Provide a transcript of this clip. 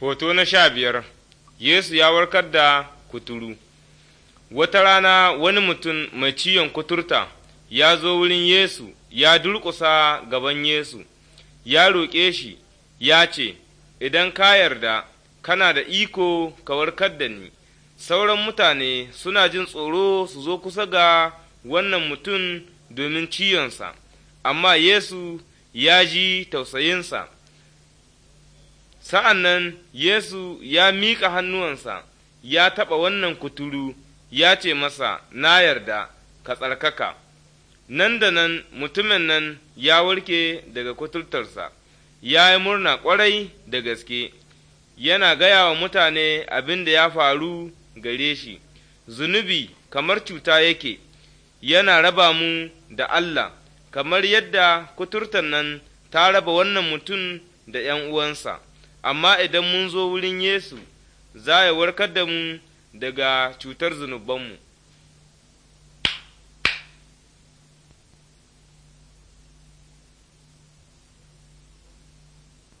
Hoto na sha biyar Yesu ya warkar da kuturu Wata rana wani mutum mai ciwon kuturta ya zo wurin Yesu ya durƙusa gaban Yesu, ya roƙe shi, ya ce, Idan ka yarda, kana da iko ka warkar da ni, sauran mutane suna jin tsoro su zo kusa ga wannan mutum domin ciyonsa, amma Yesu ya ji tausayinsa. sa'an nan Yesu ya miƙa hannuwansa, ya taɓa wannan kuturu, ya ce masa, Na yarda, ka tsarkaka. Nan da nan mutumin nan ya warke daga kuturtarsa, ya yi murna ƙwarai da gaske, yana gaya wa mutane abin da ya faru gare shi, zunubi kamar cuta yake, yana raba mu da Allah, kamar yadda kuturtar nan ta raba wannan mutum da ’yan uwansa. amma idan mun zo wurin Yesu za ya warkar da mu daga cutar zunubanmu.